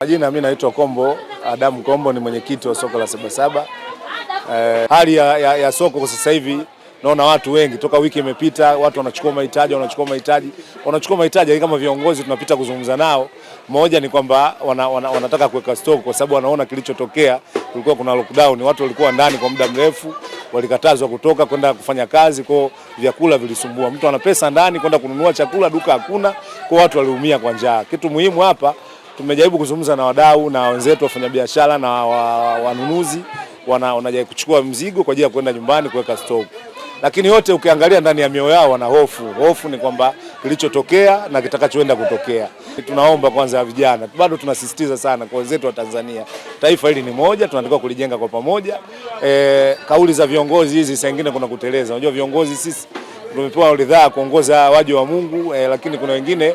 Majina, mimi naitwa Kombo Adamu Kombo, ni mwenyekiti wa soko la Sabasaba. Eh, hali ya, ya, ya soko kwa sasa hivi naona watu wengi toka wiki imepita, watu wanachukua mahitaji wanachukua mahitaji wanachukua mahitaji. Kama viongozi tunapita kuzungumza nao, moja ni kwamba wana, wana, wanataka kuweka stock kwa sababu wanaona kilichotokea, kulikuwa kuna lockdown, watu walikuwa ndani kwa muda mrefu, walikatazwa kutoka kwenda kufanya kazi, kwa vyakula vilisumbua. Mtu ana pesa ndani kwenda kununua chakula, duka hakuna, kwa watu waliumia kwa njaa. Kitu muhimu hapa tumejaribu kuzungumza na wadau na wenzetu wafanyabiashara na wanunuzi wana, wanajai kuchukua mzigo kwa ajili ya kwenda nyumbani kuweka stoku, lakini yote ukiangalia ndani ya mioyo yao wana hofu. Hofu ni kwamba kilichotokea na kitakachoenda kutokea. Tunaomba kwanza ya vijana, bado tunasisitiza sana kwa wenzetu wa Tanzania, taifa hili ni moja, tunatakiwa kulijenga kwa pamoja. E, kauli za viongozi hizi saa nyingine kuna kuteleza. Unajua viongozi sisi tumepewa ridhaa kuongoza waje wa Mungu e, lakini kuna wengine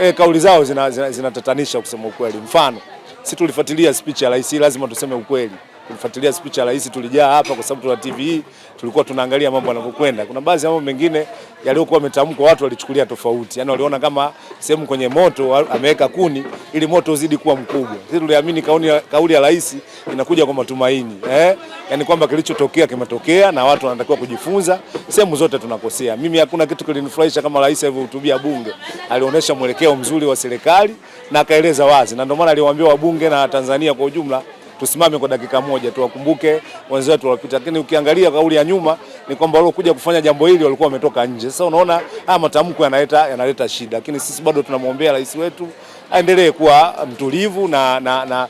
e, kauli zao zinatatanisha zina, zina kusema ukweli. Mfano si tulifuatilia speech ya rais, lazima tuseme ukweli kufuatilia spicha ya rais, tulijaa hapa kwa sababu tuna TV, tulikuwa tunaangalia mambo yanavyokwenda. Kuna baadhi ya mambo mengine yaliyokuwa yametamkwa watu walichukulia tofauti, yani waliona kama sehemu kwenye moto ameweka kuni ili moto uzidi kuwa mkubwa. Sisi tuliamini kauli ya rais inakuja kwa matumaini eh? Yani kwamba kilichotokea kimetokea na watu wanatakiwa kujifunza. Sehemu zote tunakosea. Mimi hakuna kitu kilinifurahisha kama rais alivyohutubia bunge, alionyesha mwelekeo mzuri wa serikali na akaeleza wazi, na ndio maana aliwaambia wabunge na Tanzania kwa ujumla tusimame kwa dakika moja, tuwakumbuke wenzetu waliopita. Lakini ukiangalia kauli ya nyuma ni kwamba waliokuja kufanya jambo hili walikuwa wametoka nje. Sasa unaona haya matamko yanaleta yanaleta shida, lakini sisi bado tunamwombea rais wetu aendelee kuwa mtulivu na, na, na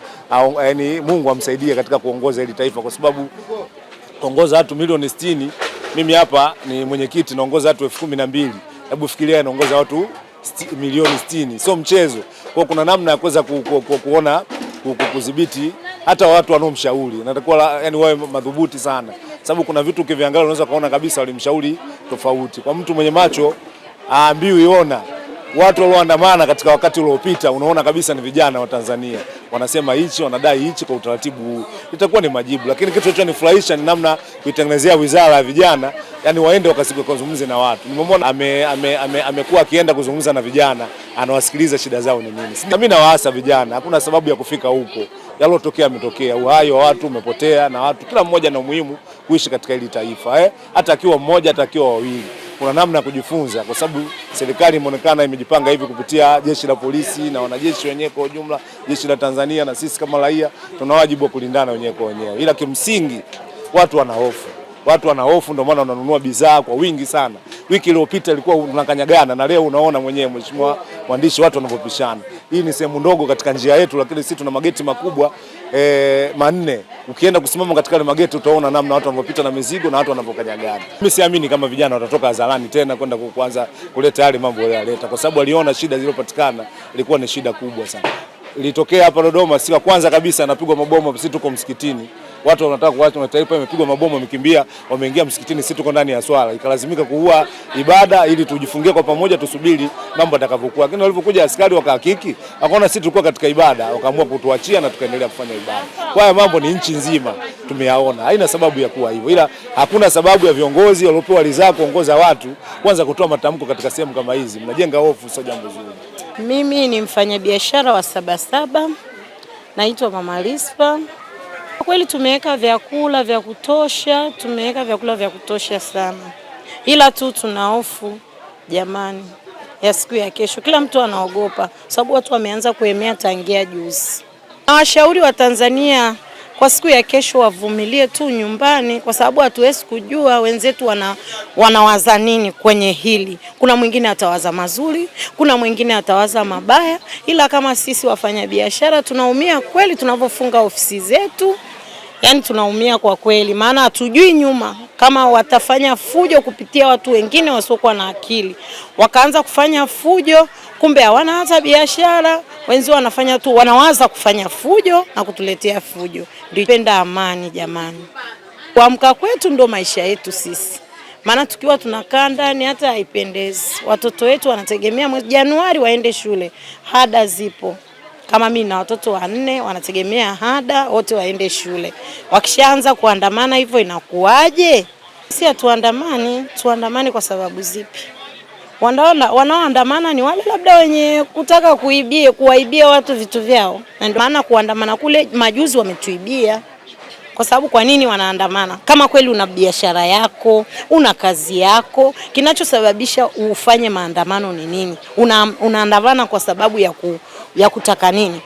yaani Mungu amsaidie katika kuongoza hili taifa, kwa sababu kuongoza watu milioni sitini, mimi hapa ni mwenyekiti naongoza watu elfu kumi na mbili. Hebu fikiria naongoza watu sti, milioni sitini, sio mchezo. Kwa kuna namna ya kuweza ku, ku, ku, kuona ku, ku, hata watu wanaomshauri natakuwa yani wawe madhubuti sana, sababu kuna vitu ukiviangalia unaweza kuona kabisa walimshauri tofauti. Kwa mtu mwenye macho aambiwi ona, watu walioandamana katika wakati uliopita unaona kabisa ni vijana wa Tanzania wanasema hichi, wanadai hichi kwa utaratibu huu, itakuwa ni majibu. Lakini kitu nifurahisha ni namna kuitengenezea wizara ya vijana, yani waende kuzungumze na watu. Nimemwona amekuwa ame, ame, ame akienda kuzungumza na vijana, anawasikiliza shida zao ni nini. Mimi nawaasa vijana, hakuna sababu ya kufika huko, yalotokea ametokea, uhai wa watu umepotea, na watu kila mmoja na umuhimu kuishi katika hili taifa eh, hata akiwa mmoja, hata akiwa wawili kuna namna ya kujifunza, kwa sababu serikali imeonekana imejipanga hivi kupitia jeshi la polisi na wanajeshi wenyewe kwa ujumla, jeshi la Tanzania, na sisi kama raia tuna wajibu wa kulindana wenyewe kwa wenyewe, ila kimsingi watu wana hofu watu wana hofu, ndio maana wananunua bidhaa kwa wingi sana. Wiki iliyopita ilikuwa unakanyagana na leo unaona mwenyewe, mheshimiwa mwandishi, watu wanapopishana. Hii ni sehemu ndogo katika njia yetu, lakini sisi tuna mageti makubwa e, manne. Ukienda kusimama katika ile mageti utaona namna watu wanavyopita na mizigo na watu gari. Mimi siamini kama vijana watatoka hadharani tena kwenda kuanza kuleta yale mambo yaleta, kwa sababu aliona shida zilizopatikana ilikuwa ni shida kubwa sana. Ilitokea hapa Dodoma, siku ya kwanza kabisa anapigwa mabomu, sisi tuko msikitini watu wanataka kuacha mataifa, imepigwa mabomu, wamekimbia, wameingia msikitini, sisi tuko ndani ya swala, ikalazimika kuua ibada ili tujifungie kwa pamoja, tusubiri mambo atakavyokuwa. Lakini walipokuja askari wakahakiki, akaona sisi tulikuwa katika ibada, wakaamua kutuachia na tukaendelea kufanya ibada. Kwa hiyo mambo ni nchi nzima tumeyaona, haina sababu ya kuwa hivyo, ila hakuna sababu ya viongozi waliopewa ridhaa kuongoza watu kwanza kutoa matamko katika sehemu kama hizi. Mnajenga hofu, sio jambo zuri. Mimi ni mfanyabiashara wa Sabasaba, naitwa Mama Lispa kweli tumeweka vyakula vya kutosha, tumeweka vyakula vya kutosha sana, ila tu tuna hofu jamani ya siku ya kesho. Kila mtu anaogopa sababu watu wameanza kuemea tangia juzi. Na washauri wa Tanzania kwa siku ya kesho wavumilie tu nyumbani, kwa sababu hatuwezi kujua wenzetu wana, wanawaza nini kwenye hili. Kuna mwingine atawaza mazuri, kuna mwingine atawaza mabaya, ila kama sisi wafanyabiashara tunaumia kweli tunavyofunga ofisi zetu yani tunaumia kwa kweli, maana hatujui nyuma kama watafanya fujo kupitia watu wengine wasiokuwa na akili, wakaanza kufanya fujo, kumbe hawana hata biashara. Wenzi wanafanya tu, wanawaza kufanya fujo na kutuletea fujo. ndipenda amani jamani, kuamka kwetu ndo maisha yetu sisi, maana tukiwa tunakaa ndani hata haipendezi. Watoto wetu wanategemea mwezi Januari waende shule, hada zipo. Kama mimi na watoto wanne wanategemea hada, wote waende shule. Wakishaanza kuandamana hivyo inakuwaje? Si hatuandamani, tuandamani kwa sababu zipi? Wanaona wanaoandamana ni wale labda wenye kutaka kuibie kuwaibia watu vitu vyao, na ndio maana kuandamana kule majuzi wametuibia kwa sababu kwa nini wanaandamana? Kama kweli una biashara yako, una kazi yako, kinachosababisha ufanye maandamano ni nini? Una, unaandamana kwa sababu ya, ku, ya kutaka nini?